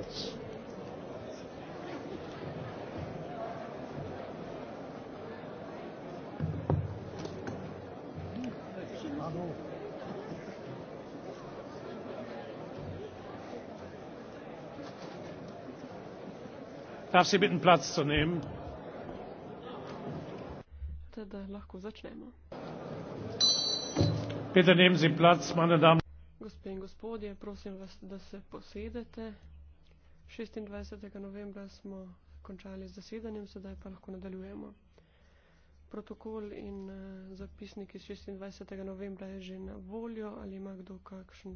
Otec. Darf sie bitten, Platz zu nehmen? Teda lahko začnemo. Bitte nehmen Sie Platz, meine Damen. Gospe in gospodje, prosim vas, da se posedete. 26. novembra smo končali z zasedanjem, sedaj pa lahko nadaljujemo. Protokol in eh, zapisnik iz 26. novembra je že na voljo, ali ima kdo kakšen.